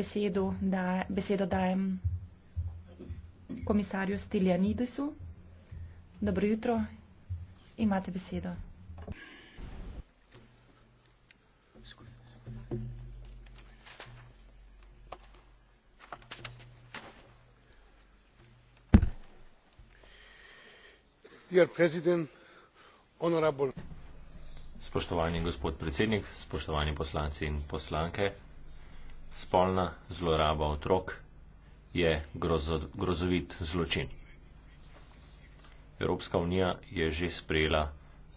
besedo, da, besedo dajem komisarju Stiljanidisu. Dobro jutro, imate besedo. Spoštovani gospod predsednik, spoštovani poslanci in poslanke, spolna zloraba otrok je grozo, grozovit zločin. Evropska unija je že sprejela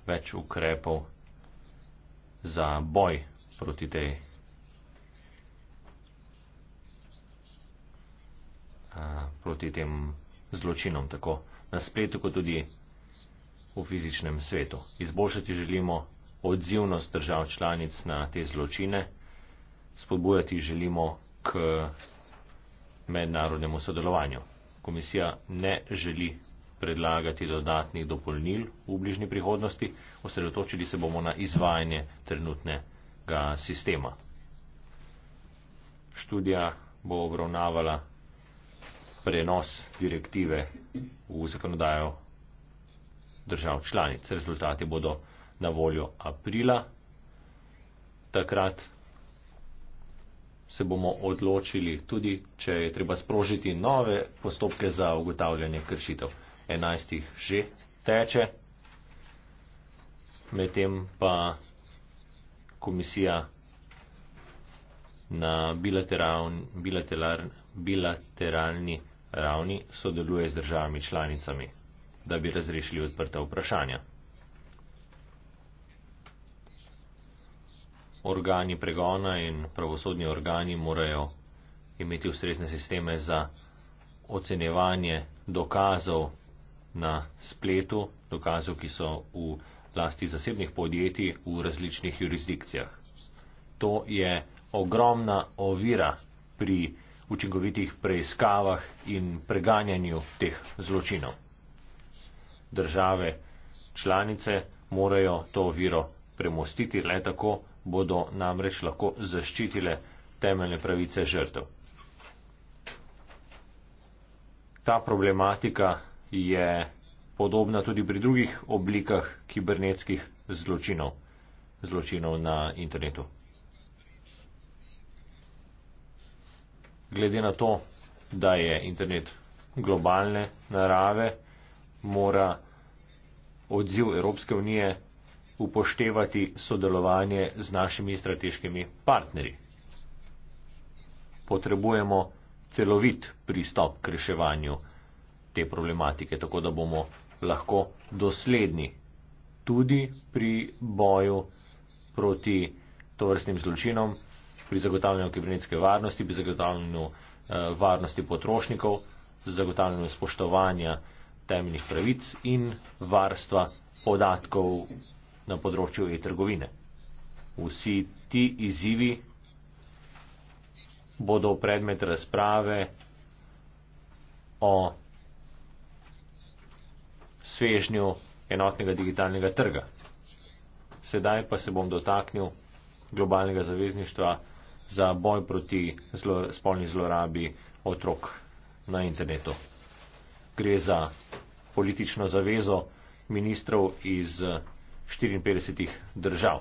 več ukrepov za boj proti tej proti tem zločinom, tako na spletu, kot tudi v fizičnem svetu. Izboljšati želimo odzivnost držav članic na te zločine spodbujati želimo k mednarodnemu sodelovanju. Komisija ne želi predlagati dodatnih dopolnil v bližnji prihodnosti, osredotočili se bomo na izvajanje trenutnega sistema. Študija bo obravnavala prenos direktive v zakonodajo držav članic. Rezultati bodo na voljo aprila. Takrat se bomo odločili, tudi če je treba sprožiti nove postopke za ugotavljanje kršitev. 11. že teče, medtem pa komisija na bilateralni ravni sodeluje z državami članicami, da bi razrešili odprta vprašanja. organi pregona in pravosodni organi morajo imeti ustrezne sisteme za ocenevanje dokazov na spletu, dokazov, ki so v lasti zasebnih podjetij v različnih jurisdikcijah. To je ogromna ovira pri učinkovitih preiskavah in preganjanju teh zločinov. Države članice morajo to oviro premostiti le tako, bodo namreč lahko zaščitile temeljne pravice žrtev. Ta problematika je podobna tudi pri drugih oblikah kibernetskih zločinov, zločinov na internetu. Glede na to, da je internet globalne narave, mora odziv Evropske unije upoštevati sodelovanje z našimi strateškimi partnerji. Potrebujemo celovit pristop k reševanju te problematike, tako da bomo lahko dosledni tudi pri boju proti tovrstnim zločinom, pri zagotavljanju kibernetske varnosti, pri zagotavljanju eh, varnosti potrošnikov, zagotavljanju spoštovanja temeljnih pravic in varstva podatkov na področju e-trgovine. Vsi ti izzivi bodo predmet razprave o svežnju enotnega digitalnega trga. Sedaj pa se bom dotaknil globalnega zavezništva za boj proti zlo, spolni zlorabi otrok na internetu. Gre za politično zavezo ministrov iz 54 držav.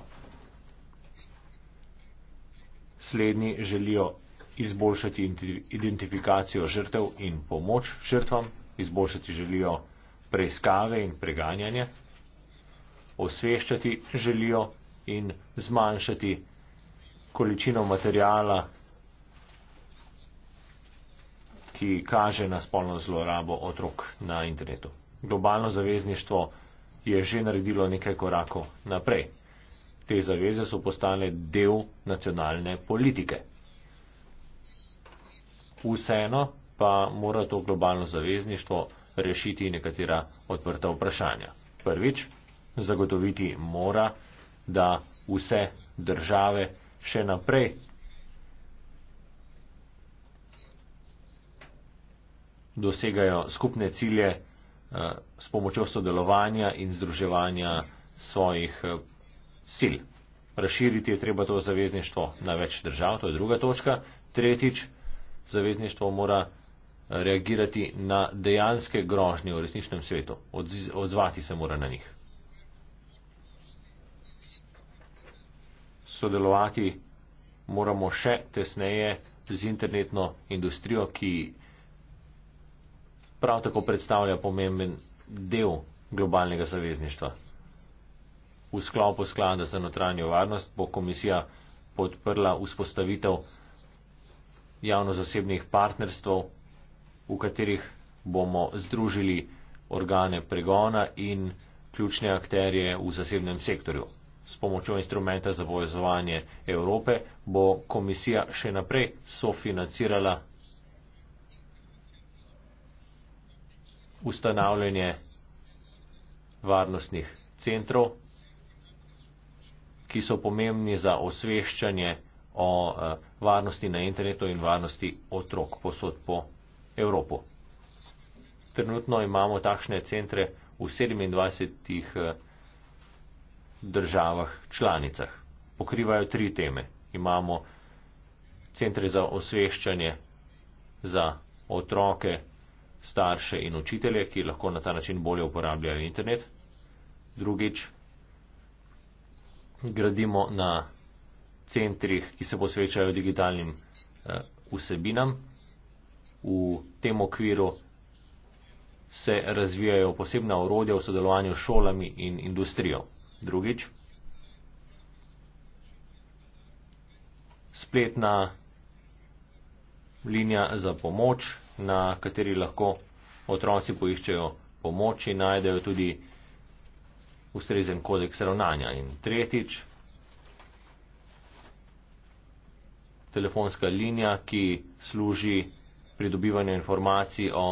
Slednji želijo izboljšati identifikacijo žrtev in pomoč žrtvam, izboljšati želijo preiskave in preganjanje, osveščati želijo in zmanjšati količino materijala, ki kaže na spolno zlorabo otrok na internetu. Globalno zavezništvo je že naredilo nekaj korakov naprej. Te zaveze so postale del nacionalne politike. Vseeno pa mora to globalno zavezništvo rešiti nekatera odprta vprašanja. Prvič, zagotoviti mora, da vse države še naprej dosegajo skupne cilje Eh, s pomočjo sodelovanja in združevanja svojih eh, sil. Razširiti je treba to zavezništvo na več držav, to je druga točka. Tretjič, zavezništvo mora eh, reagirati na dejanske grožnje v resničnem svetu, odzvati se mora na njih. Sodelovati moramo še tesneje z internetno industrijo, ki prav tako predstavlja pomemben del globalnega savezništva. V sklopu sklada za notranjo varnost bo komisija podprla vzpostavitev javno-zasebnih partnerstv, v katerih bomo združili organe pregona in ključne akterje v zasebnem sektorju. S pomočjo instrumenta za povezovanje Evrope bo komisija še naprej sofinancirala ustanavljanje varnostnih centrov, ki so pomembni za osveščanje o eh, varnosti na internetu in varnosti otrok posod po Evropo. Trenutno imamo takšne centre v 27 eh, državah članicah. Pokrivajo tri teme. Imamo centre za osveščanje za otroke, starše in učitelje, ki lahko na ta način bolje uporabljajo internet. Drugič, gradimo na centrih, ki se posvečajo digitalnim eh, vsebinam. V tem okviru se razvijajo posebna orodja v sodelovanju s šolami in industrijo. Drugič, spletna linija za pomoč na kateri lahko otroci poiščejo pomoč in najdejo tudi ustrezen kodeks ravnanja. In tretjič, telefonska linija, ki služi pridobivanju informacij o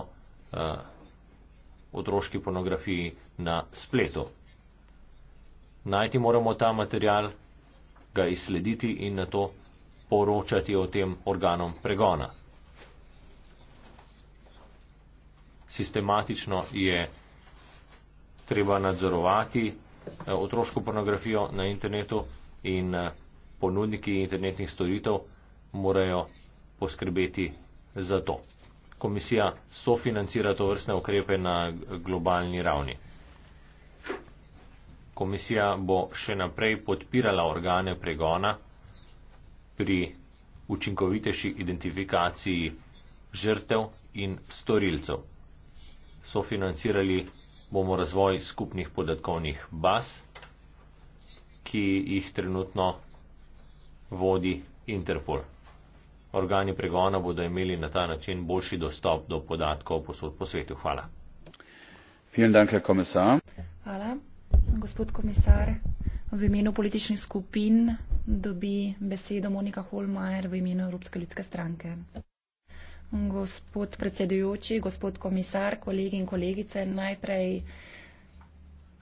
eh, otroški pornografiji na spletu. Najti moramo ta material, ga izslediti in na to poročati o tem organom pregona. sistematično je treba nadzorovati eh, otroško pornografijo na internetu in eh, ponudniki internetnih storitev morajo poskrbeti za to. Komisija sofinancira to vrstne ukrepe na globalni ravni. Komisija bo še naprej podpirala organe pregona pri učinkovitejši identifikaciji žrtev in storilcev sofinancirali bomo razvoj skupnih podatkovnih baz, ki jih trenutno vodi Interpol. Organi pregona bodo imeli na ta način boljši dostop do podatkov posod po svetu. Hvala. Dank, Hvala. Gospod komisar, v imenu političnih skupin dobi besedo Monika Holmajer v imenu Evropske ljudske stranke. Gospod predsedujoči, gospod komisar, kolegi in kolegice, najprej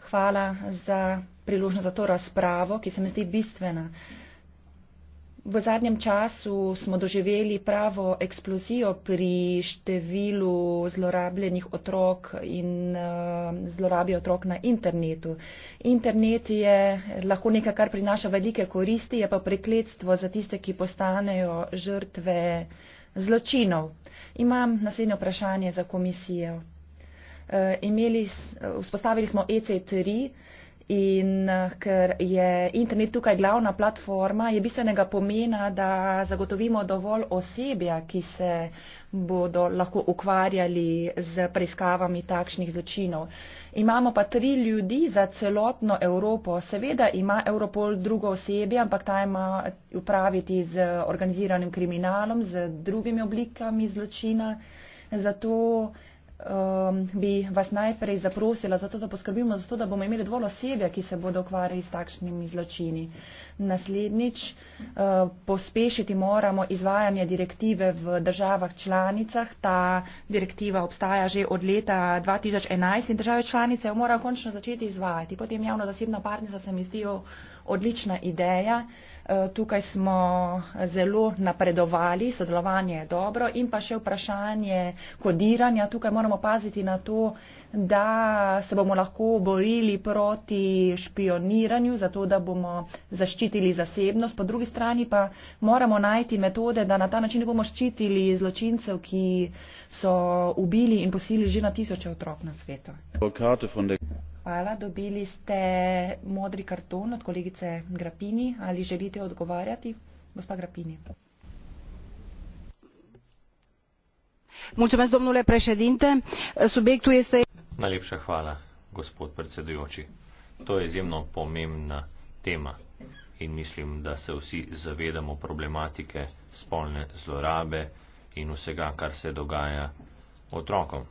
hvala za priložnost za to razpravo, ki se mi zdi bistvena. V zadnjem času smo doživeli pravo eksplozijo pri številu zlorabljenih otrok in uh, zlorabi otrok na internetu. Internet je lahko nekaj, kar prinaša velike koristi, je pa prekletstvo za tiste, ki postanejo žrtve uh, zločinov. Imam naslednje vprašanje za komisijo. Uh, imeli, uh, vzpostavili smo EC3, uh, In eh, ker je internet tukaj glavna platforma, je bistvenega pomena, da zagotovimo dovolj osebja, ki se bodo lahko ukvarjali z preiskavami takšnih zločinov. Imamo pa tri ljudi za celotno Evropo. Seveda ima Europol drugo osebje, ampak ta ima upraviti z organiziranim kriminalom, z drugimi oblikami zločina. Zato um, bi vas najprej zaprosila, zato da poskrbimo za to, da bomo imeli dovolj osebja, ki se bodo ukvarjali s takšnimi zločini. Naslednjič uh, pospešiti moramo izvajanje direktive v državah članicah. Ta direktiva obstaja že od leta 2011 in države članice jo morajo končno začeti izvajati. Potem javno-zasebna partnerstva se mi zdijo odlična ideja. Uh, Eh, tukaj smo zelo napredovali, sodelovanje je dobro in pa še vprašanje kodiranja. Tukaj moramo paziti na to, da se bomo lahko borili proti špioniranju, zato da bomo zaščitili zasebnost. Po drugi strani pa moramo najti metode, da na ta način ne bomo ščitili zločincev, ki so ubili in posilili že na tisoče otrok na svetu hvala. Dobili ste modri karton od kolegice Grapini. Ali želite odgovarjati? Gospa Grapini. Mulțumesc, domnule președinte. Subiectul este... Najlepša hvala, gospod predsedujoči. To je izjemno pomembna tema in mislim, da se vsi zavedamo problematike spolne zlorabe in vsega, kar se dogaja otrokom.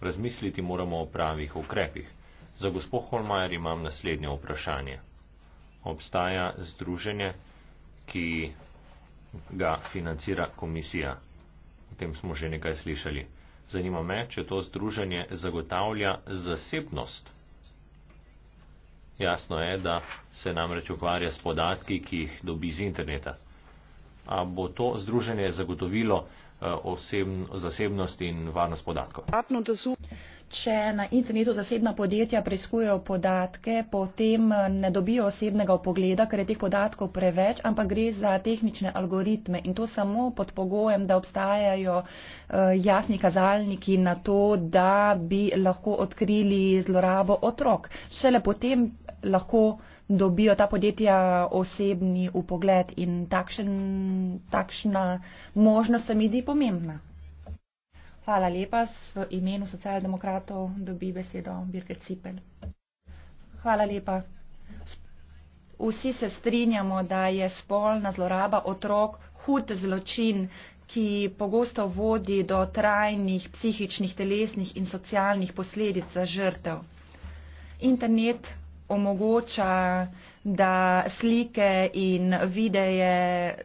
Razmisliti moramo o pravih ukrepih. Za gospod Holmajer imam naslednje vprašanje. Obstaja združenje, ki ga financira komisija. O tem smo že nekaj slišali. Zanima me, če to združenje zagotavlja zasebnost. Jasno je, da se namreč ukvarja s podatki, ki jih dobi z interneta a bo to združenje zagotovilo eh, osebn, zasebnost in varnost podatkov. Če na internetu zasebna podjetja preiskujejo podatke, potem eh, ne dobijo osebnega upogleda, ker je teh podatkov preveč, ampak gre za tehnične algoritme in to samo pod pogojem, da obstajajo eh, jasni kazalniki na to, da bi lahko odkrili zlorabo otrok. Šele potem lahko dobijo ta podjetja osebni upogled in takšen, takšna možnost se mi zdi pomembna. Hvala lepa. V imenu socialdemokratov dobi besedo Birke Cipel. Hvala lepa. Vsi se strinjamo, da je spolna zloraba otrok hud zločin, ki pogosto vodi do trajnih psihičnih, telesnih in socialnih posledic za žrtev. Internet omogoča, da slike in videje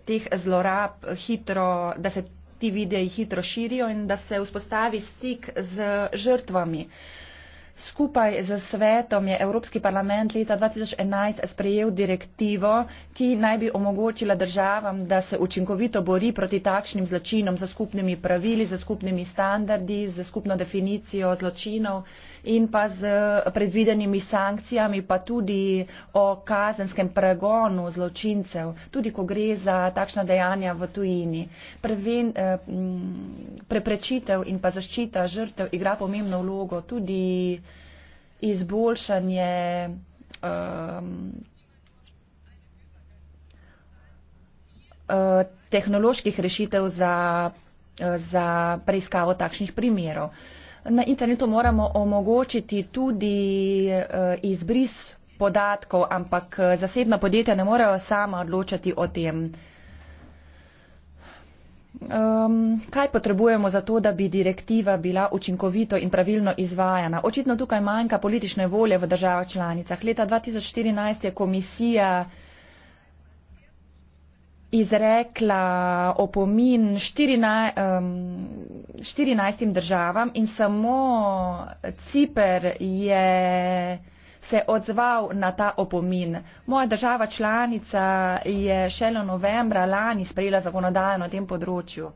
teh zlorab hitro, da se ti videji hitro širijo in da se vzpostavi stik z žrtvami. Skupaj z svetom je Evropski parlament leta 2011 sprejel direktivo, ki naj bi omogočila državam, da se učinkovito bori proti takšnim zločinom za skupnimi pravili, za skupnimi standardi, za skupno definicijo zločinov in pa z predvidenimi sankcijami, pa tudi o kazenskem pregonu zločincev, tudi ko gre za takšna dejanja v tujini. Preven, eh, preprečitev in pa zaščita žrtev igra pomembno vlogo tudi izboljšanje eh, tehnoloških rešitev za, eh, za preiskavo takšnih primerov na internetu moramo omogočiti tudi eh, izbris podatkov, ampak eh, zasebna podjetja ne morejo sama odločati o tem. Um, kaj potrebujemo za to, da bi direktiva bila učinkovito in pravilno izvajana? Očitno tukaj manjka politične volje v državah članicah. Leta 2014 je komisija izrekla opomin 14, 14 državam in samo Ciper je se odzval na ta opomin. Moja država članica je šele novembra lani sprejela zakonodajo na tem področju,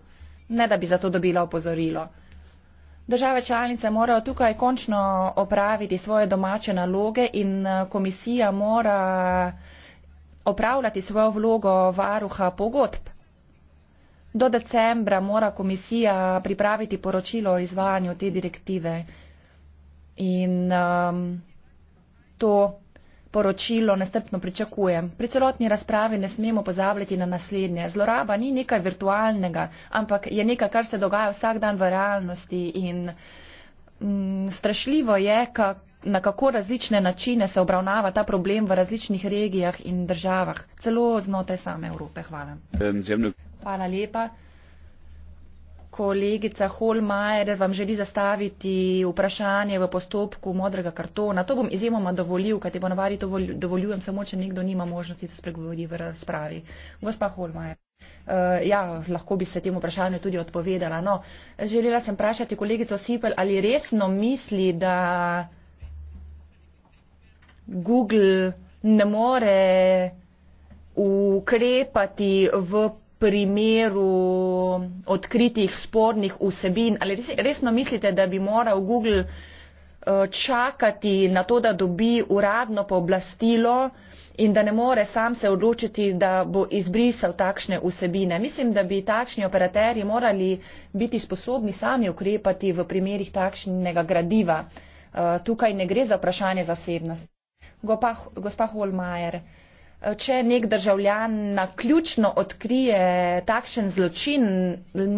ne da bi za to dobila opozorilo. Države članice morajo tukaj končno opraviti svoje domače naloge in eh, komisija mora opravljati svojo vlogo varuha pogodb. Do decembra mora komisija pripraviti poročilo o izvajanju te direktive in um, to poročilo nestrpno pričakujem. Pri celotni razpravi ne smemo pozabljati na naslednje. Zloraba ni nekaj virtualnega, ampak je nekaj, kar se dogaja vsak dan v realnosti in mm, strašljivo je, kako na kako različne načine se obravnava ta problem v različnih regijah in državah, celo znotraj same Evrope. Hvala. Hvala lepa. Kolegica Holmajer vam želi zastaviti vprašanje v postopku modrega kartona. To bom izjemoma dovolil, kajti ponovadi to dovoljujem samo, če nekdo nima možnosti, da spregovori v razpravi. Gospa Holmajer. Uh, ja, lahko bi se tem vprašanju tudi odpovedala. No, želela sem vprašati kolegico Sipel, ali resno misli, da Google ne more ukrepati v primeru odkritih spornih vsebin. Ali res, resno mislite, da bi moral Google eh, čakati na to, da dobi uradno pooblastilo in da ne more sam se odločiti, da bo izbrisal takšne vsebine. Mislim, da bi takšni operaterji morali biti sposobni sami ukrepati v primerih takšnega gradiva. Eh, tukaj ne gre za vprašanje zasebnosti gopa, gospa Holmajer, če nek državljan na ključno odkrije takšen zločin,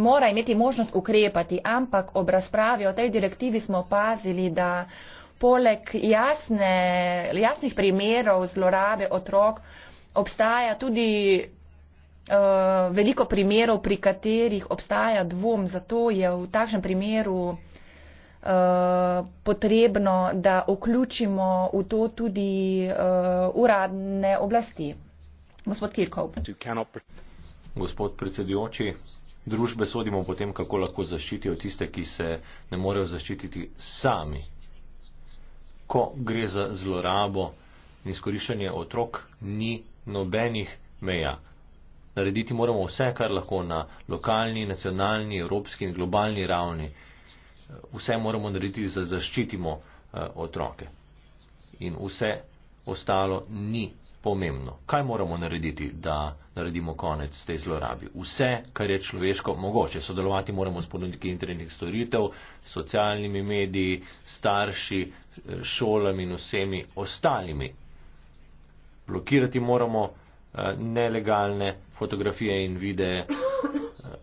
mora imeti možnost ukrepati, ampak ob razpravi o tej direktivi smo opazili, da poleg jasne, jasnih primerov zlorabe otrok obstaja tudi uh, veliko primerov, pri katerih obstaja dvom, zato je v takšnem primeru uh, potrebno, da vključimo v to tudi uh, uradne oblasti. Gospod Kirkov. Gospod predsedujoči, družbe sodimo potem, kako lahko zaščitijo tiste, ki se ne morejo zaščititi sami. Ko gre za zlorabo in izkoriščanje otrok, ni nobenih meja. Narediti moramo vse, kar lahko na lokalni, nacionalni, evropski in globalni ravni vse moramo narediti, da zaščitimo eh, otroke. In vse ostalo ni pomembno. Kaj moramo narediti, da naredimo konec tej zlorabi? Vse, kar je človeško mogoče. Sodelovati moramo s ponudniki internetnih storitev, socialnimi mediji, starši, eh, šolami in vsemi ostalimi. Blokirati moramo eh, nelegalne fotografije in videe,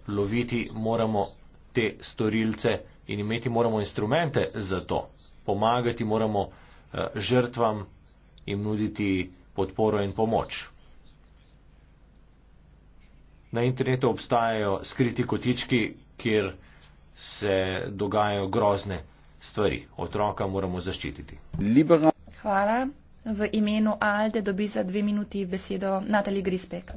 loviti moramo te storilce, in imeti moramo instrumente za to. Pomagati moramo eh, žrtvam in nuditi podporo in pomoč. Na internetu obstajajo skriti kotički, kjer se dogajajo grozne stvari. Otroka moramo zaščititi. Hvala. V imenu Alde dobi za dve minuti besedo Natalija Grispek.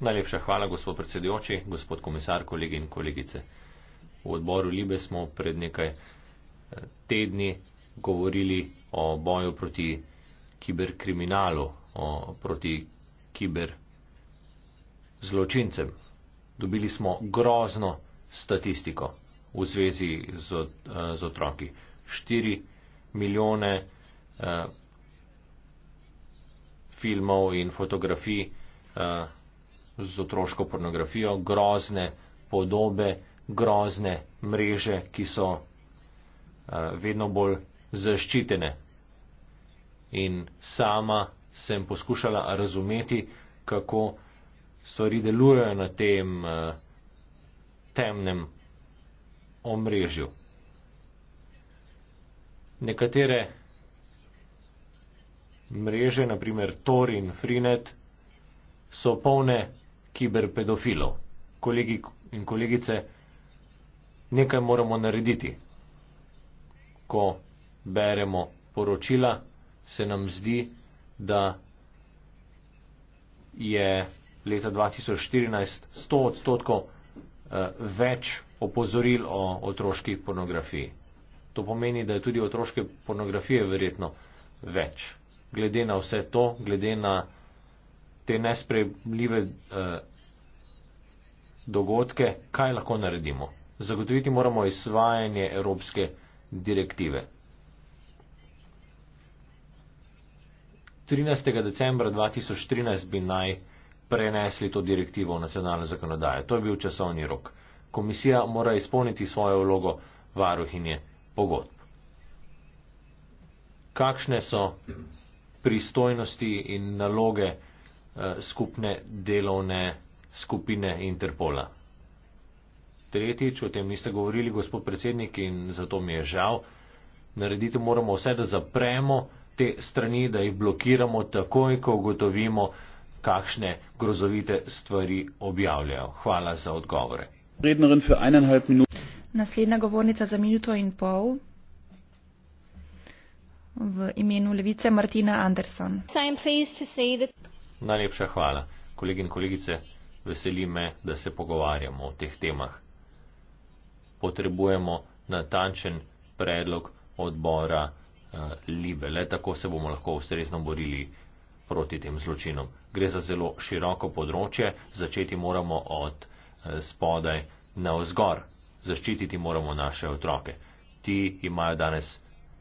Najlepša hvala, gospod predsedujoči, gospod komisar, kolegi in kolegice. V odboru Libe smo pred nekaj eh, tedni govorili o boju proti kiberkriminalu, proti kiber zločincem. Dobili smo grozno statistiko v zvezi z, eh, z otroki. 4 milijone eh, filmov in fotografij eh, z otroško pornografijo, grozne podobe grozne mreže, ki so eh, vedno bolj zaščitene. In sama sem poskušala razumeti, kako stvari delujejo na tem eh, temnem omrežju. Nekatere mreže, naprimer Tor in Freenet, so polne kiberpedofilov. Kolegi in kolegice, nekaj moramo narediti. Ko beremo poročila, se nam zdi, da je leta 2014 100 odstotkov eh, več opozoril o otroški pornografiji. To pomeni, da je tudi otroške pornografije verjetno več. Glede na vse to, glede na te nesprejemljive eh, dogodke, kaj lahko naredimo? zagotoviti moramo izvajanje evropske direktive. 13. decembra 2013 bi naj prenesli to direktivo v nacionalne zakonodaje. To je bil časovni rok. Komisija mora izpolniti svojo vlogo varuhinje pogodb. Kakšne so pristojnosti in naloge eh, skupne delovne skupine Interpola? tretjič, o tem niste govorili, gospod predsednik, in zato mi je žal. Narediti moramo vse, da zapremo te strani, da jih blokiramo takoj, ko ugotovimo, kakšne grozovite stvari objavljajo. Hvala za odgovore. Naslednja govornica za minuto in pol. V imenu levice Martina Anderson. Najlepša hvala, kolegi in kolegice. Veseli me, da se pogovarjamo o teh temah potrebujemo natančen predlog odbora eh, Libe. Le tako se bomo lahko ustrezno borili proti tem zločinom. Gre za zelo široko področje, začeti moramo od eh, spodaj na vzgor, zaščititi moramo naše otroke. Ti imajo danes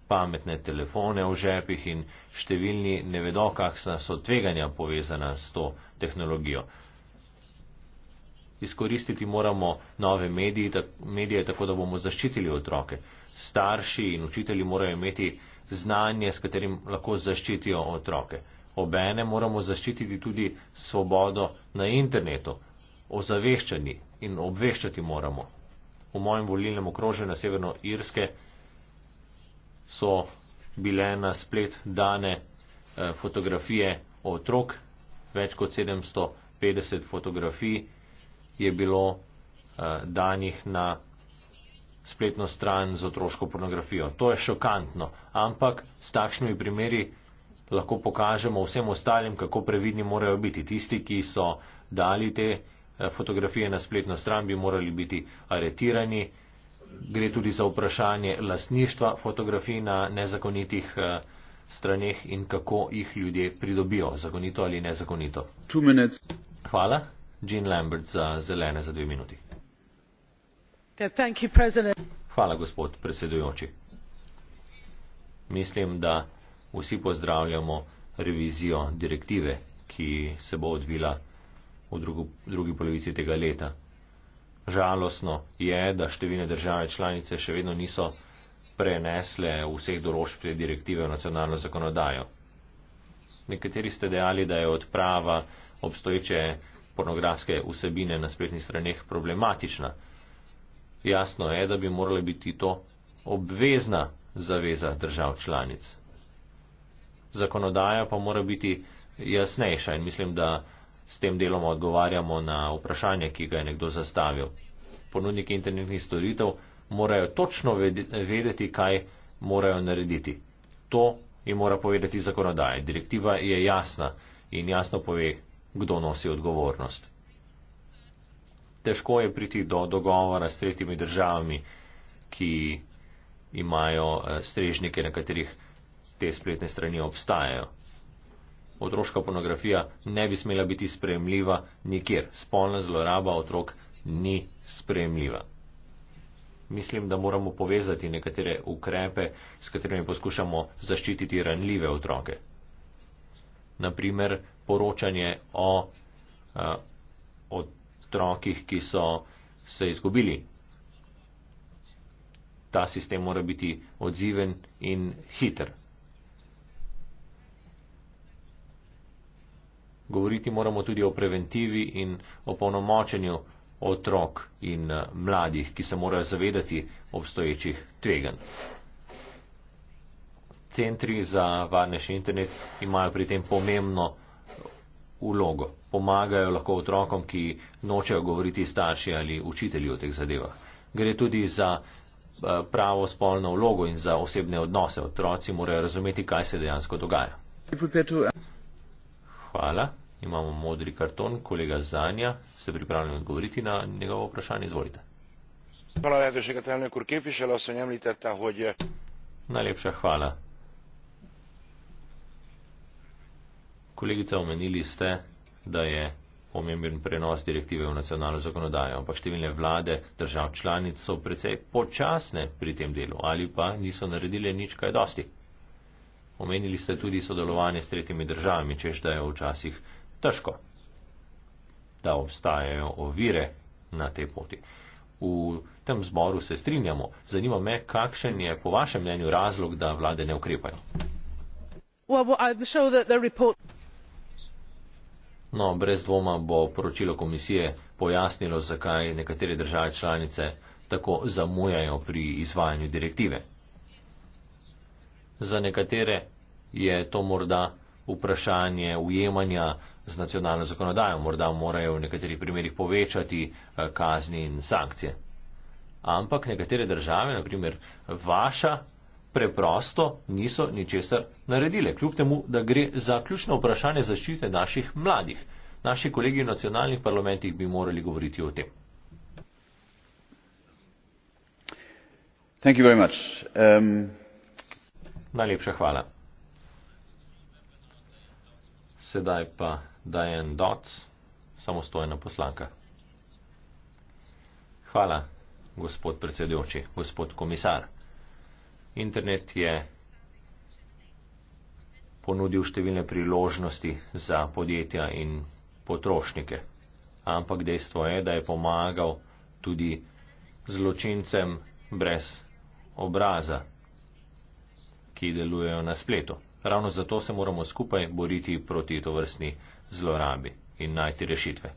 pametne telefone v žepih in številni ne vedo, kakšna so tveganja povezana s to tehnologijo. Izkoristiti moramo nove medije, medije tako, da bomo zaščitili otroke. Starši in učitelji morajo imeti znanje, s katerim lahko zaščitijo otroke. Obene moramo zaščititi tudi svobodo na internetu, ozaveščani in obveščati moramo. V mojem volilnem okrožju na severno Irske so bile na splet dane eh, fotografije otrok, več kot 750 fotografij je bilo eh, danih na spletno stran z otroško pornografijo. To je šokantno, ampak s takšnimi primeri lahko pokažemo vsem ostalim, kako previdni morajo biti. Tisti, ki so dali te eh, fotografije na spletno stran, bi morali biti aretirani. Gre tudi za vprašanje lasništva fotografij na nezakonitih eh, straneh in kako jih ljudje pridobijo, zakonito ali nezakonito. Čumenec. Hvala. Jean Lambert za zelene za dve minuti. Hvala, gospod predsedujoči. Mislim, da vsi pozdravljamo revizijo direktive, ki se bo odvila v drugi polovici tega leta. Žalostno je, da številne države članice še vedno niso prenesle vseh določb te direktive v nacionalno zakonodajo. Nekateri ste dejali, da je odprava obstoječe pornografske vsebine na spletnih straneh problematična. Jasno je, da bi morala biti to obvezna zaveza držav članic. Zakonodaja pa mora biti jasnejša in mislim, da s tem deloma odgovarjamo na vprašanje, ki ga je nekdo zastavil. Ponudniki internetnih storitev morajo točno vedeti, kaj morajo narediti. To jim mora povedati zakonodaja. Direktiva je jasna in jasno pove, kdo nosi odgovornost. Težko je priti do dogovora s tretjimi državami, ki imajo eh, strežnike, na katerih te spletne strani obstajajo. Otroška pornografija ne bi smela biti spremljiva nikjer. Spolna zloraba otrok ni spremljiva. Mislim, da moramo povezati nekatere ukrepe, s katerimi poskušamo zaščititi ranljive otroke. Naprimer, poročanje o eh, otrokih, ki so se izgubili. Ta sistem mora biti odziven in hiter. Govoriti moramo tudi o preventivi in o polnomočenju otrok in eh, mladih, ki se morajo zavedati obstoječih tvegan. Centri za varnejši internet imajo pri tem pomembno vlogo. Pomagajo lahko otrokom, ki nočejo govoriti starši ali učitelji o teh zadevah. Gre tudi za eh, pravo spolno vlogo in za osebne odnose. Otroci morajo razumeti, kaj se dejansko dogaja. Hvala. Imamo modri karton. Kolega Zanja, se pripravljam odgovoriti na njegovo vprašanje. Izvolite. Najlepša hvala. Kolegica, omenili ste, da je pomemben prenos direktive v nacionalno zakonodajo, ampak številne vlade držav članic so precej počasne pri tem delu ali pa niso naredile nič kaj dosti. Omenili ste tudi sodelovanje s tretjimi državami, češ da je včasih težko, da obstajajo ovire na tej poti. V tem zboru se strinjamo. Zanima me, kakšen je po vašem mnenju razlog, da vlade ne ukrepajo. Well, well, No, brez dvoma bo poročilo komisije pojasnilo, zakaj nekatere države članice tako zamujajo pri izvajanju direktive. Za nekatere je to morda vprašanje ujemanja z nacionalno zakonodajo, morda morajo v nekaterih primerjih povečati eh, kazni in sankcije. Ampak nekatere države, naprimer vaša, preprosto niso ničesar naredile, kljub temu, da gre za ključno vprašanje zaščite naših mladih. Naši kolegi v nacionalnih parlamentih bi morali govoriti o tem. Um... Najlepša hvala. Sedaj pa Dajan Doc, samostojna poslanka. Hvala, gospod predsedujoči, gospod komisar. Internet je ponudil številne priložnosti za podjetja in potrošnike, ampak dejstvo je, da je pomagal tudi zločincem brez obraza, ki delujejo na spletu. Ravno zato se moramo skupaj boriti proti to vrstni zlorabi in najti rešitve.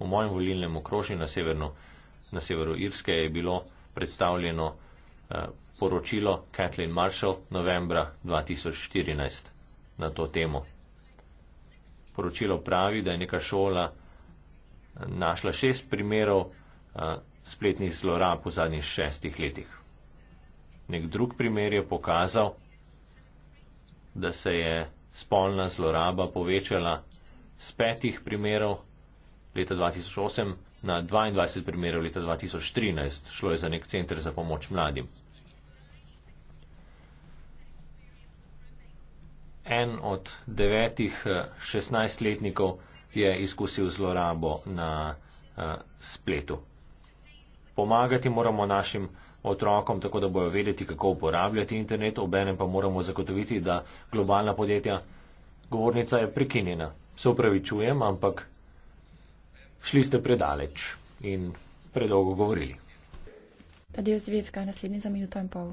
V mojem volilnem okrožju na, na severu Irske je bilo predstavljeno eh, poročilo Kathleen Marshall novembra 2014 na to temo. Poročilo pravi, da je neka šola eh, našla šest primerov uh, spletnih zlorab v zadnjih šestih letih. Nek drug primer je pokazal, da se je spolna zloraba povečala z petih primerov leta 2008 na 22 primerov leta 2013. Šlo je za nek center za pomoč mladim. en od devetih 16-letnikov eh, je izkusil zlorabo na uh, spletu. Pomagati moramo našim otrokom, tako da bojo vedeti, kako uporabljati internet, obenem pa moramo zagotoviti, da globalna podjetja, govornica je prekinjena. Se upravičujem, ampak šli ste predaleč in predolgo govorili. Tadi v zvezka, naslednji za minuto in pol.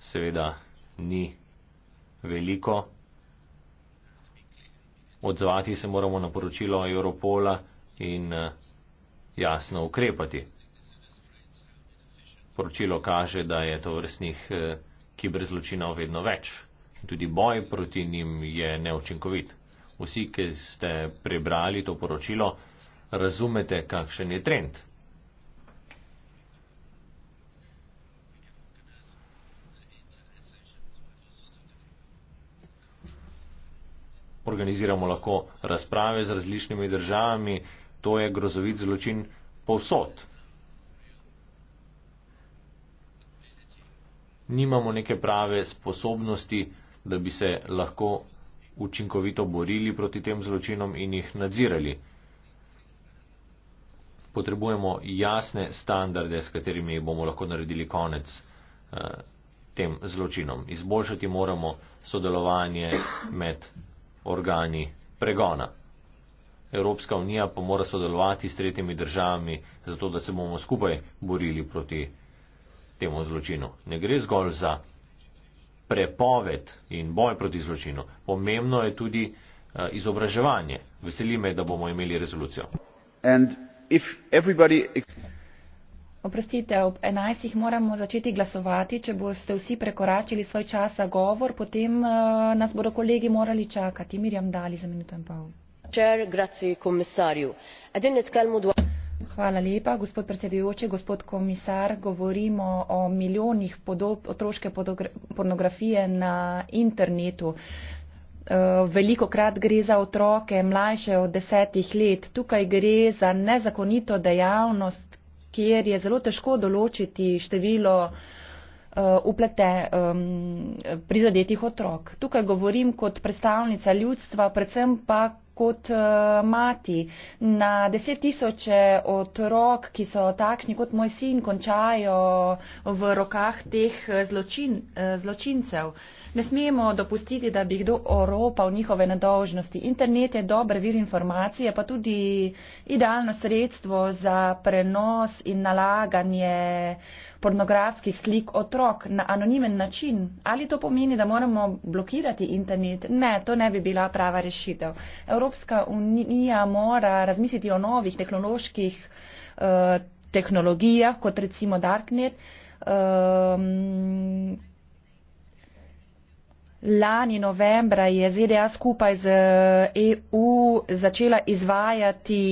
seveda ni veliko. Odzvati se moramo na poročilo Europola in eh, jasno ukrepati. Poročilo kaže, da je to vrstnih eh, kiberzločinov vedno več. Tudi boj proti njim je neučinkovit. Vsi, ki ste prebrali to poročilo, razumete, kakšen je trend. organiziramo lahko razprave z različnimi državami, to je grozovit zločin povsod. Nimamo neke prave sposobnosti, da bi se lahko učinkovito borili proti tem zločinom in jih nadzirali. Potrebujemo jasne standarde, s katerimi bomo lahko naredili konec eh, tem zločinom. Izboljšati moramo sodelovanje med organi pregona. Evropska unija pa mora sodelovati s tretjimi državami, zato da se bomo skupaj borili proti temu zločinu. Ne gre zgolj za prepoved in boj proti zločinu. Pomembno je tudi eh, izobraževanje. Veseli me, da bomo imeli rezolucijo. Oprostite, ob 11. moramo začeti glasovati. Če boste vsi prekoračili svoj čas za govor, potem uh, nas bodo kolegi morali čakati. Mirjam Dali za minuto in pol. Hvala lepa, gospod predsedujoči, gospod komisar. Govorimo o milijonih podob, otroške pornografije na internetu. Eh, Veliko krat gre za otroke mlajše od desetih let. Tukaj gre za nezakonito dejavnost, kjer je zelo težko določiti število eh, uplete um, prizadetih otrok. Tukaj govorim kot predstavnica ljudstva, predvsem pa kot eh, mati. Na deset tisoče otrok, ki so takšni kot moj sin, končajo v rokah teh eh, zločin, eh, zločincev. Ne smemo dopustiti, da bi kdo oropal njihove nedolžnosti. Internet je dober vir informacije, pa tudi idealno sredstvo za prenos in nalaganje pornografskih slik otrok na anonimen način? Ali to pomeni, da moramo blokirati internet? Ne, to ne bi bila prava rešitev. Evropska unija mora razmisliti o novih tehnoloških eh, tehnologijah, kot recimo Darknet. Um, Lani novembra je ZDA skupaj z EU eh, e začela izvajati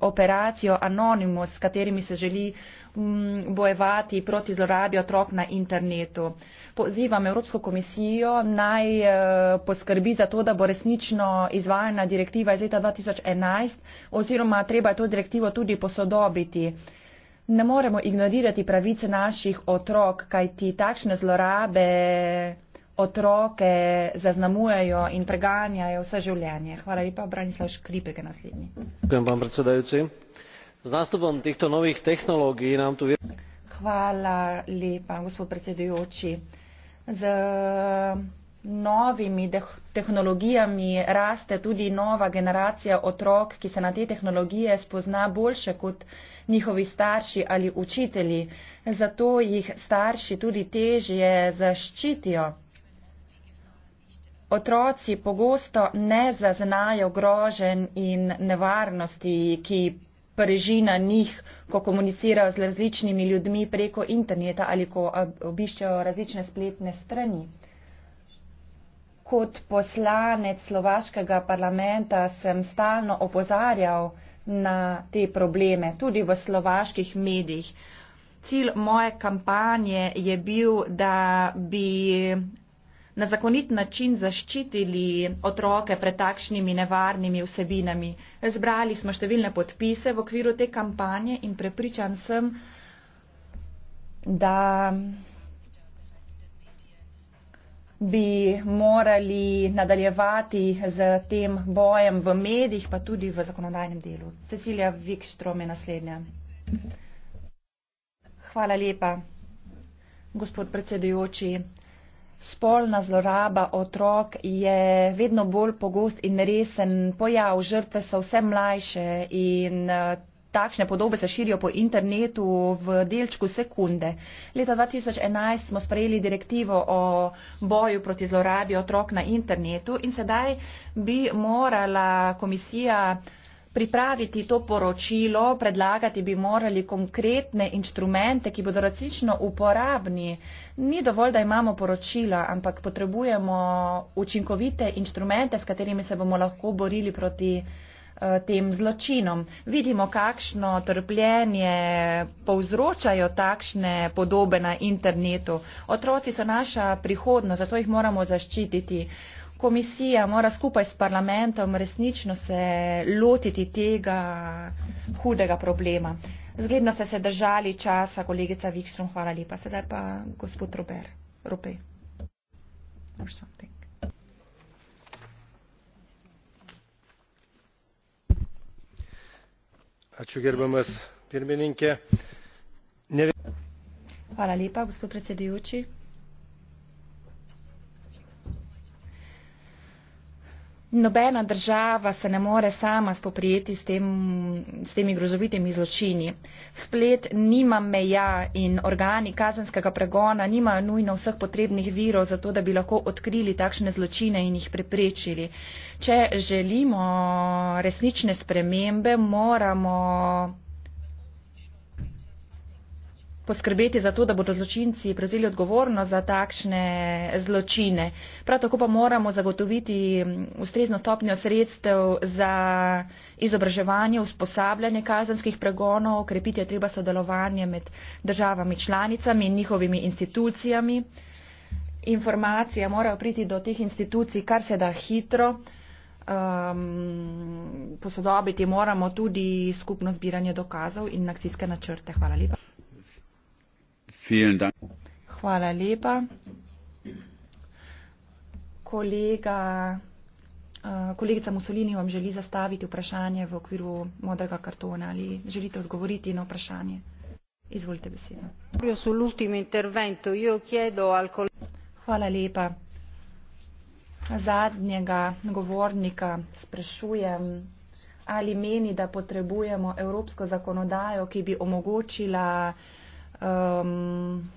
operacijo Anonymous, s katerimi se želi Mm, bojevati proti zlorabi otrok na internetu. Pozivam Evropsko komisijo naj eh, poskrbi za to, da bo resnično izvajana direktiva iz leta 2011 oziroma treba je to direktivo tudi posodobiti. Ne moremo ignorirati pravice naših otrok, kajti takšne zlorabe otroke zaznamujejo in preganjajo vse življenje. Hvala lepa, Branislav Škripek je naslednji. Hvala vam, predsedajoči z nastopom týchto nových technológií nám tu Hvala lepa, gospod predsedujoči. Z novimi tehnologijami raste tudi nova generacija otrok, ki se na te tehnologije spozna boljše kot njihovi starši ali učitelji. Zato jih starši tudi težje zaščitijo. Otroci pogosto ne zaznajo grožen in nevarnosti, ki preži na njih, ko komunicirajo z različnimi ljudmi preko interneta ali ko obiščajo različne spletne strani. Kot poslanec slovaškega parlamenta sem stalno opozarjal na te probleme, tudi v slovaških medijih. Cilj moje kampanje je bil, da bi na zakonit način zaščitili otroke pred takšnimi nevarnimi vsebinami. Zbrali smo številne podpise v okviru te kampanje in prepričan sem, da bi morali nadaljevati z tem bojem v medijih, pa tudi v zakonodajnem delu. Cecilija Vikstrom je naslednja. Hvala lepa, gospod predsedujoči. Spolna zloraba otrok je vedno bolj pogost in resen pojav. Žrtve so vse mlajše in eh, takšne podobe se širijo po internetu v delčku sekunde. Leta 2011 smo sprejeli direktivo o boju proti zlorabi otrok na internetu in sedaj bi morala komisija pripraviti to poročilo, predlagati bi morali konkretne inštrumente, ki bodo resnično uporabni. Ni dovolj, da imamo poročila, ampak potrebujemo učinkovite inštrumente, s katerimi se bomo lahko borili proti eh, tem zločinom. Vidimo, kakšno trpljenje povzročajo takšne podobe na internetu. Otroci so naša prihodnost, zato jih moramo zaščititi. Uh, komisija mora skupaj s parlamentom resnično se lotiti tega hudega problema. Zgledno ste se držali časa, kolegica Vikström, hvala lepa. Sedaj pa gospod Robert Rope. Ačiū gerbiamas pirmininkė. Ne... Hvala lepa, gospod predsedujoči. Nobena država se ne more sama spoprijeti s, tem, s temi grozovitimi zločini. Splet nima meja in organi kazenskega pregona nimajo nujno vseh potrebnih virov za to, da bi lahko odkrili takšne zločine in jih preprečili. Če želimo resnične spremembe, moramo poskrbeti za to, da bodo zločinci prevzeli odgovornost za takšne zločine. Prav tako pa moramo zagotoviti ustrezno stopnjo sredstev za izobraževanje, usposabljanje kazanskih pregonov, krepiti je treba sodelovanje med državami članicami in njihovimi institucijami. Informacije morajo priti do teh institucij kar se da hitro. Um, posodobiti moramo tudi skupno zbiranje dokazov in akcijske načrte. Hvala lepa. Hvala lepa. Kolega, eh, kolegica Mussolini vam želi zastaviti vprašanje v okviru modrega kartona ali želite odgovoriti na vprašanje. Izvolite besedo. Hvala lepa. Zadnjega govornika sprašujem, ali meni, da potrebujemo evropsko zakonodajo, ki bi omogočila um,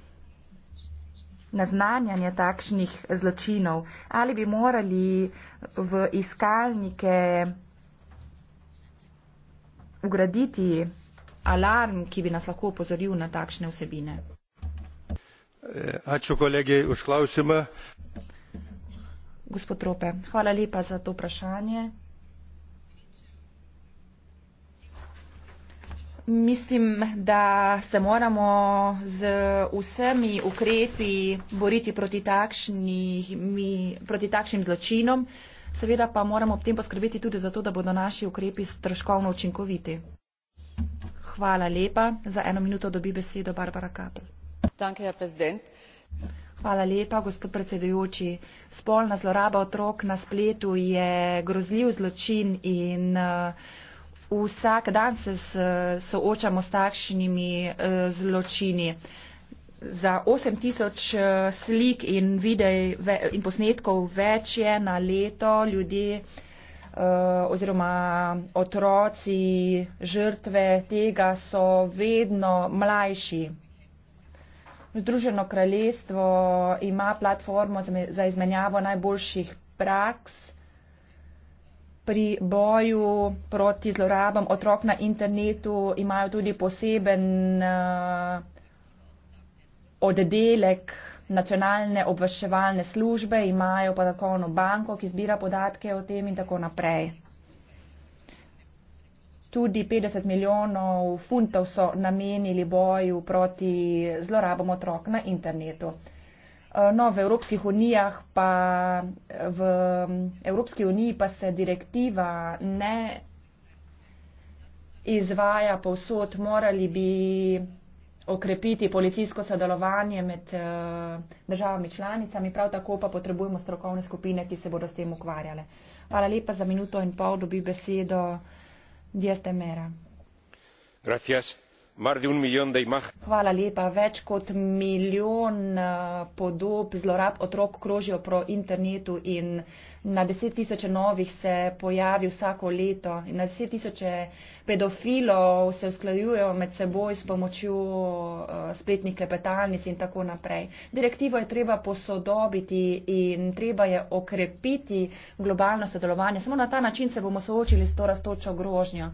naznanjanja takšnih zločinov, ali bi morali v iskalnike ugraditi alarm, ki bi nas lahko opozoril na takšne vsebine. Eh, ačiū, kolegi, Gospod Trope, hvala lepa za to vprašanje. mislim, da se moramo z vsemi ukrepi boriti proti, takšni, proti takšnim zločinom. Seveda pa moramo ob tem poskrbeti tudi za to, da bodo naši ukrepi stroškovno učinkoviti. Hvala lepa. Za eno minuto dobi besedo Barbara Kapl. Danke, ja, Hvala lepa, gospod predsedujoči. Spolna zloraba otrok na spletu je grozljiv zločin in uh, vsak dan se soočamo s takšnimi eh, zločini. Za 8000 eh, slik in, videj, in posnetkov več je na leto ljudi eh, oziroma otroci, žrtve tega so vedno mlajši. Združeno kraljestvo ima platformo za izmenjavo najboljših praks pri boju proti zlorabam otrok na internetu imajo tudi poseben eh, oddelek nacionalne obveščevalne službe, imajo podatkovno banko, ki zbira podatke o tem in tako naprej. Tudi 50 milijonov funtov so namenili boju proti zlorabam otrok na internetu. Eh, no, v Evropskih unijah pa, eh, v mm, Evropski uniji pa se direktiva ne izvaja povsod. Morali bi okrepiti policijsko sodelovanje med eh, državami članicami, prav tako pa potrebujemo strokovne skupine, ki se bodo s tem ukvarjale. Hvala lepa za minuto in pol dobi besedo Diestemera. Gracias. Hvala lepa. Več kot milijon eh, podob zlorab otrok krožijo po internetu in na deset tisoče novih se pojavi vsako leto. In na deset tisoče pedofilov se usklajujejo med seboj s pomočjo eh, spletnih klepetalnic in tako naprej. Direktivo je treba posodobiti in treba je okrepiti globalno sodelovanje. Samo na ta način se bomo soočili s to rastočo grožnjo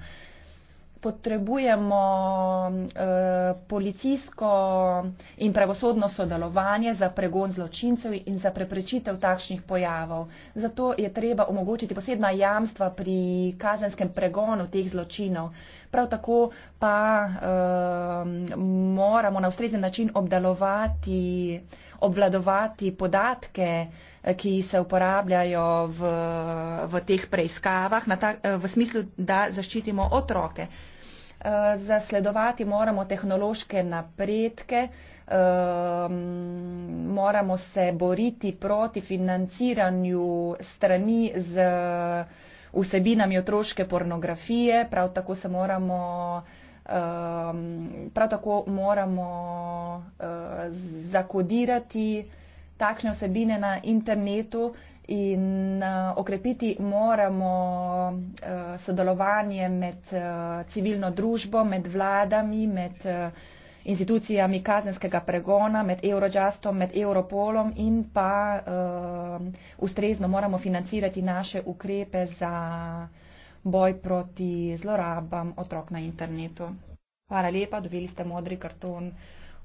potrebujemo eh, policijsko in pravosodno sodelovanje za pregon zločincev in za preprečitev takšnih pojavov. Zato je treba omogočiti posebna jamstva pri kazenskem pregonu teh zločinov. Prav tako pa eh, moramo na ustrezen način obdelovati obvladovati podatke, eh, ki se uporabljajo v, v teh preiskavah, ta, v smislu, da zaščitimo otroke. Eh, zasledovati moramo tehnološke napredke, ehm, moramo se boriti proti financiranju strani z vsebinami otroške pornografije, prav tako se moramo. Um, prav tako moramo uh, zakodirati takšne vsebine na internetu, In uh, okrepiti moramo uh, sodelovanje med uh, civilno družbo, med vladami, med uh, institucijami kazenskega pregona, med Eurojustom, med Europolom in pa uh, ustrezno moramo financirati naše ukrepe za boj proti zlorabam otrok na internetu. Hvala lepa, dobili ste modri karton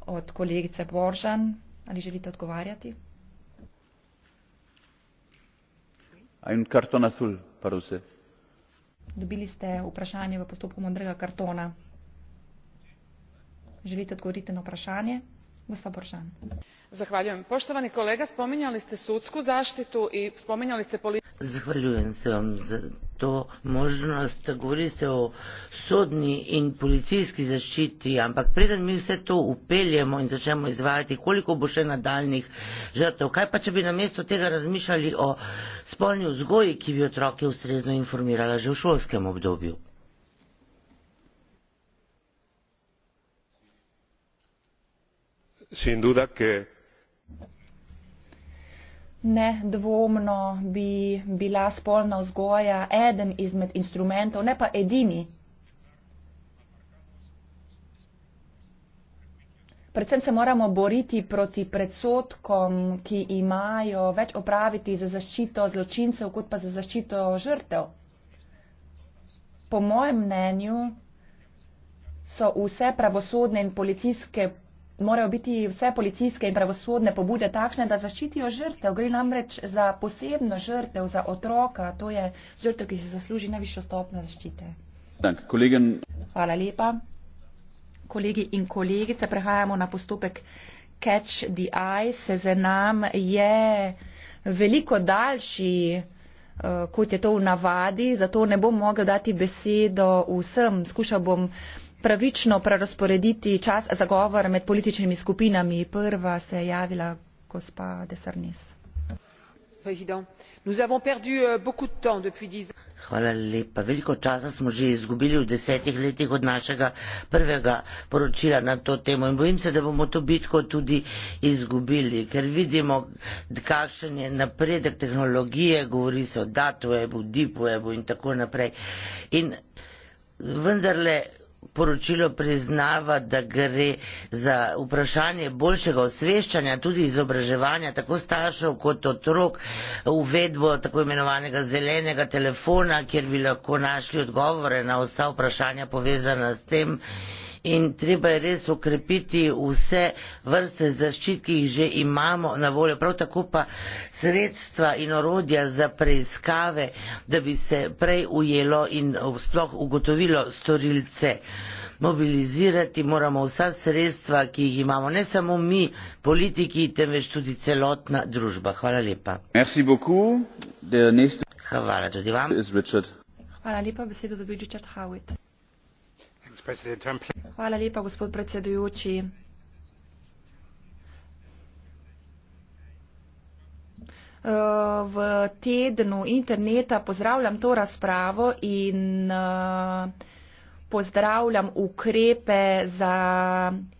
od kolegice Boržan. Ali želite odgovarjati? dobili ste vprašanje v postopku modrega kartona. želite odgovoriti na vprašanje? poštovani kolega spominjali ste sudsku zaštitu i spominjali ste zahvaljujem se vam za to možnost govorili ste o sodni in policijski zaščiti ampak preden mi vse to upeljemo in začnemo izvajati koliko bo še nadaljnih žrtev kaj pa če bi namesto tega razmišljali o spolni vzgoji ki bi otroke ustrezno informirala že v šolskem obdobju sin duda que. Nedvomno bi bila spolna vzgoja eden izmed instrumentov, ne pa edini. Predvsem se moramo boriti proti predsotkom, ki imajo več opraviti za zaščito zločincev, kot pa za zaščito žrtev. Po mojem mnenju so vse pravosodne in policijske morajo biti vse policijske in pravosodne pobude takšne, da zaščitijo žrtev. Gre namreč za posebno žrtev, za otroka. To je žrtev, ki si zasluži najvišjo stopno zaščite. Tak, Hvala lepa. Kolegi in kolegice, prehajamo na postopek Catch the Eye. Se za nam je veliko daljši eh, kot je to v navadi, zato ne bom mogel dati besedo vsem. Skušal bom pravično prerasporediti čas za govor med političnimi skupinami. Prva se je javila gospa Desarnis. Euh, Hvala lepa. Veliko časa smo že izgubili v desetih letih od našega prvega poročila na to temo in bojim se, da bomo to bitko tudi izgubili, ker vidimo, kakšen je napredek tehnologije, govori se o datwebu, deepwebu in tako naprej. In vendarle poročilo priznava, da gre za vprašanje boljšega osveščanja, tudi izobraževanja tako staršev kot otrok, uvedbo tako imenovanega zelenega telefona, kjer bi lahko našli odgovore na vsa vprašanja povezana s tem in treba je res okrepiti vse vrste zaščit, ki jih že imamo na voljo, prav tako pa sredstva in orodja za preiskave, da bi se prej ujelo in sploh ugotovilo storilce. Mobilizirati moramo vsa sredstva, ki jih imamo, ne samo mi, politiki, temveč tudi celotna družba. Hvala lepa. Hvala tudi vam. Hvala lepa, besedo dobi Richard Howitt. Hvala lepa, gospod predsedujoči. V tednu interneta pozdravljam to razpravo in pozdravljam ukrepe za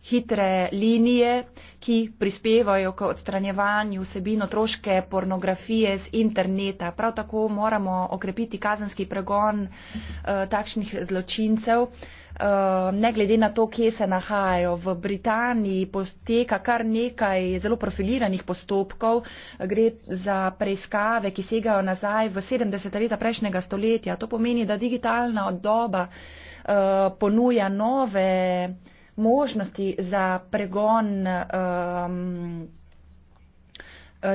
hitre linije, ki prispevajo k odstranjevanju vsebino troške pornografije z interneta. Prav tako moramo okrepiti kazanski pregon eh, takšnih zločincev. Eh, ne glede na to, kje se nahajajo. V Britaniji poteka kar nekaj zelo profiliranih postopkov, gre za preiskave, ki segajo nazaj v 70. leta prejšnjega stoletja. To pomeni, da digitalna doba eh, ponuja nove možnosti za pregon um,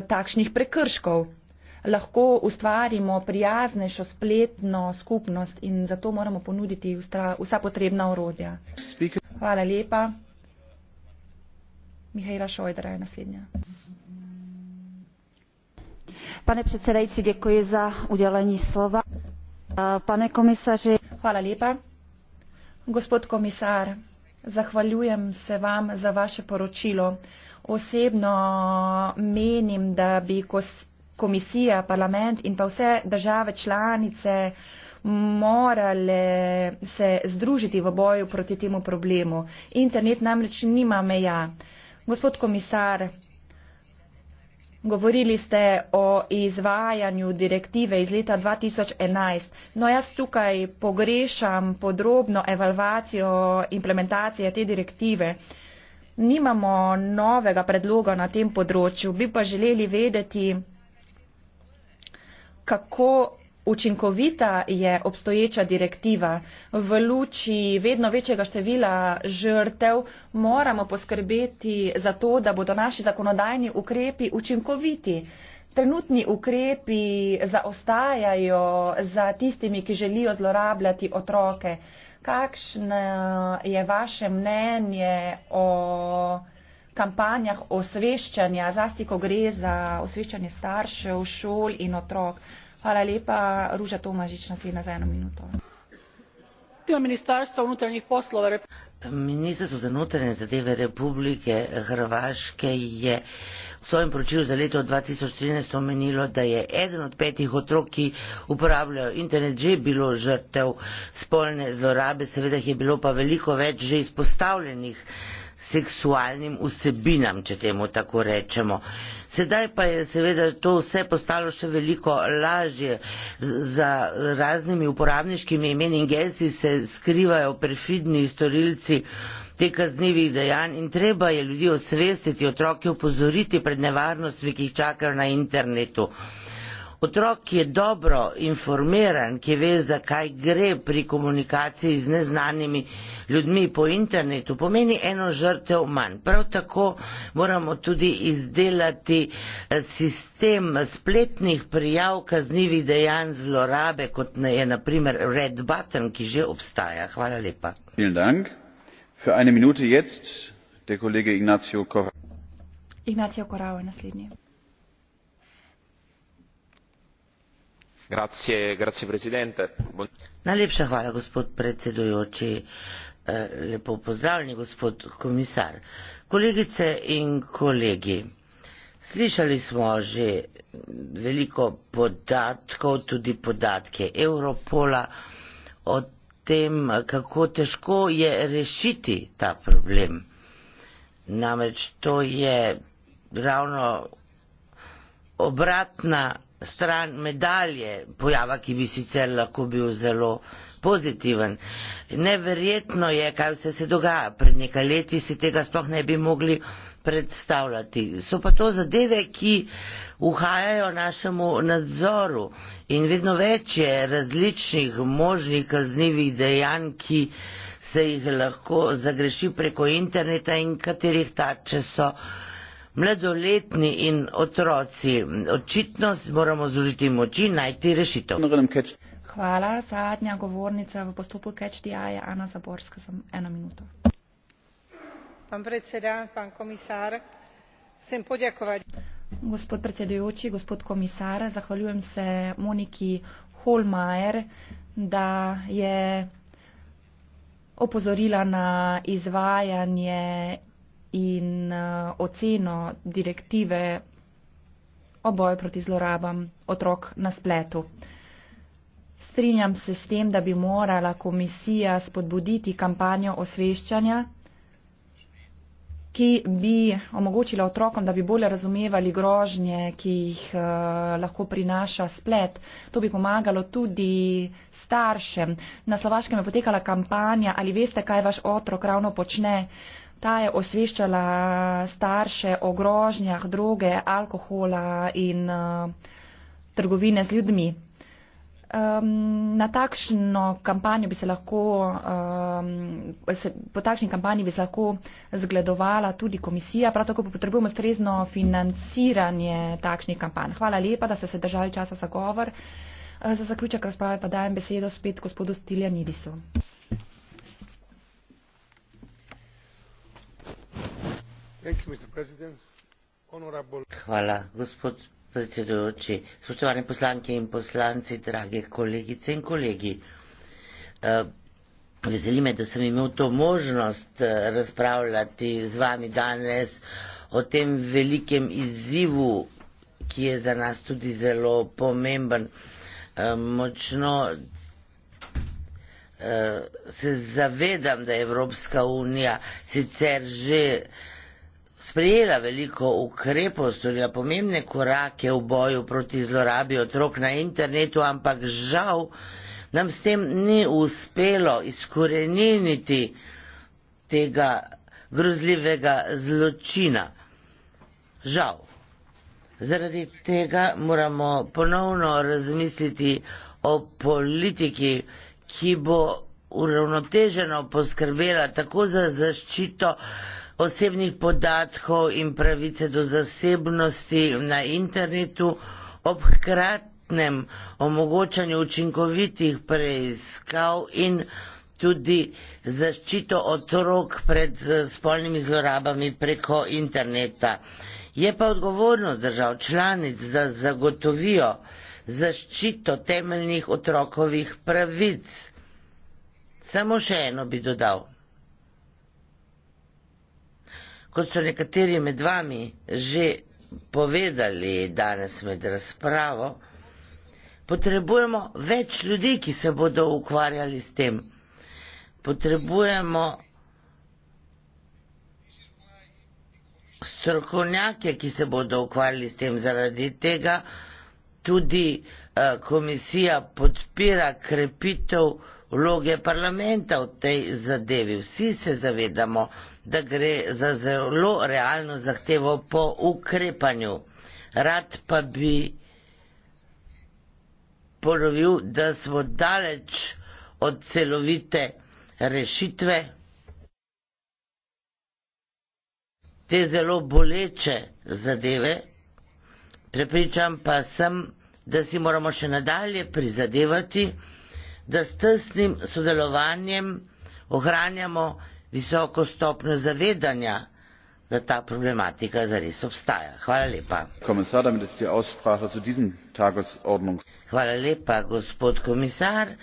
takšnih prekrškov lahko ustvarimo prijaznejšo spletno skupnost in zato moramo ponuditi vsa potrebna orodja. Hvala lepa. Mihajla Šojdra je naslednja. Pane predsedajci, děkuji za udělení slova. Pane komisaři. Hvala lepa. Gospod komisar, zahvaljujem se vam za vaše poročilo. Osebno menim, da bi, ko komisija, parlament in pa vse države članice morale se združiti v boju proti temu problemu. Internet namreč nima meja. Gospod komisar, govorili ste o izvajanju direktive iz leta 2011. No, jaz tukaj pogrešam podrobno evalvacijo implementacije te direktive. Nimamo novega predloga na tem področju. Bi pa želeli vedeti, kako učinkovita je obstoječa direktiva. V luči vedno večjega števila žrtev moramo poskrbeti za to, da bodo naši zakonodajni ukrepi učinkoviti. Trenutni ukrepi zaostajajo za tistimi, ki želijo zlorabljati otroke. Kakšno je vaše mnenje o kampanjah osveščanja, zlasti ko gre za osveščanje staršev, šol in otrok. Hvala lepa, Ruža Tomažič, naslednja za eno minuto. Ministrstvo vnutrnih poslov. Ministrstvo za notranje zadeve Republike Hrvaške je v svojem poročilu za leto 2013 omenilo, da je eden od petih otrok, ki uporabljajo internet, že bilo žrtev spolne zlorabe. Seveda je bilo pa veliko več že izpostavljenih seksualnim vsebinam, če temu tako rečemo. Sedaj pa je seveda to vse postalo še veliko lažje. Za raznimi uporabniškimi imeni in gesi se skrivajo perfidni storilci te kaznivih dejanj in treba je ljudi osvestiti, otroke upozoriti pred nevarnostmi, ki jih čakajo na internetu. Otrok, ki je dobro informiran, ki ve, zakaj gre pri komunikaciji z neznanimi ljudmi po internetu, pomeni eno žrtev manj. Prav tako moramo tudi izdelati eh, sistem spletnih prijav kaznjivih dejanj zlorabe, kot je naprimer Red Button, ki že obstaja. Hvala lepa. Ignacio Korao je naslednji. najlepša hvala gospod predsedujoči eh, lepo pozdravljeni gospod komisar kolegice in kolegi slišali smo že veliko podatkov tudi podatke europola o tem kako težko je rešiti ta problem namreč to je ravno obratna stran medalje pojava, ki bi sicer lahko bil zelo pozitiven. Neverjetno je, kaj vse se dogaja. Pred nekaj leti si tega sploh ne bi mogli predstavljati. So pa to zadeve, ki uhajajo našemu nadzoru in vedno več je različnih možnih kaznivih dejanj, ki se jih lahko zagreši preko interneta in katerih tače so mladoletni in otroci. Očitno moramo združiti moči in najti rešitev. Hvala. Zadnja govornica v postopku Catch the Eye je Ana Zaborska za eno minuto. Pan predseda, pan komisar, sem podjakovati. Gospod predsedujoči, gospod komisar, zahvaljujem se Moniki Holmajer, da je opozorila na izvajanje in uh, oceno direktive o boju proti zlorabam otrok na spletu. Strinjam se s tem, da bi morala komisija spodbuditi kampanjo osveščanja, ki bi omogočila otrokom, da bi bolje razumevali grožnje, ki jih uh, lahko prinaša splet. To bi pomagalo tudi staršem. Na Slovaškem je potekala kampanja, ali veste, kaj vaš otrok ravno počne. Uh, ta je osveščala starše o grožnjah droge, alkohola in uh, trgovine z ljudmi. Um, na takšno kampanjo bi se lahko, um, se, po takšni kampanji bi se lahko zgledovala tudi komisija, prav tako pa potrebujemo strezno financiranje takšnih kampanj. Hvala lepa, da ste se držali časa za govor. Uh, za zaključek razprave pa dajem besedo spet gospodu Stiljanidisu. Hvala, gospod predsedujoči. Spoštovane poslanke in poslanci, drage kolegice in kolegi. Eh, veseli me, da sem imel to možnost eh, razpravljati z vami danes o tem velikem izzivu, ki je za nas tudi zelo pomemben. Eh, močno se zavedam, da je Evropska unija sicer že sprejela veliko ukrepov, storila pomembne korake v boju proti zlorabi otrok na internetu, ampak žal nam s tem ni uspelo izkoreniniti tega grozljivega zločina. Žal. Zaradi tega moramo ponovno razmisliti o politiki, ki bo uravnoteženo poskrbela tako za zaščito osebnih podatkov in pravice do zasebnosti na internetu ob hkratnem omogočanju učinkovitih preiskav in tudi zaščito otrok pred spolnimi zlorabami preko interneta. Je pa odgovornost držav članic, da zagotovijo zaščito temeljnih otrokovih pravic. Samo še eno bi dodal kot so nekateri med vami že povedali danes med razpravo, potrebujemo več ljudi, ki se bodo ukvarjali s tem. Potrebujemo strokovnjake, ki se bodo ukvarjali s tem. Zaradi tega tudi eh, komisija podpira krepitev vloge parlamenta v tej zadevi. Vsi se zavedamo, da da gre za zelo realno zahtevo po ukrepanju. Rad pa bi ponovil, da smo daleč od celovite rešitve te zelo boleče zadeve. Prepričam pa sem, da si moramo še nadalje prizadevati, da s tesnim sodelovanjem ohranjamo visoko stopnjo zavedanja, da ta problematika zares obstaja. Hvala lepa. Hvala lepa, gospod komisar.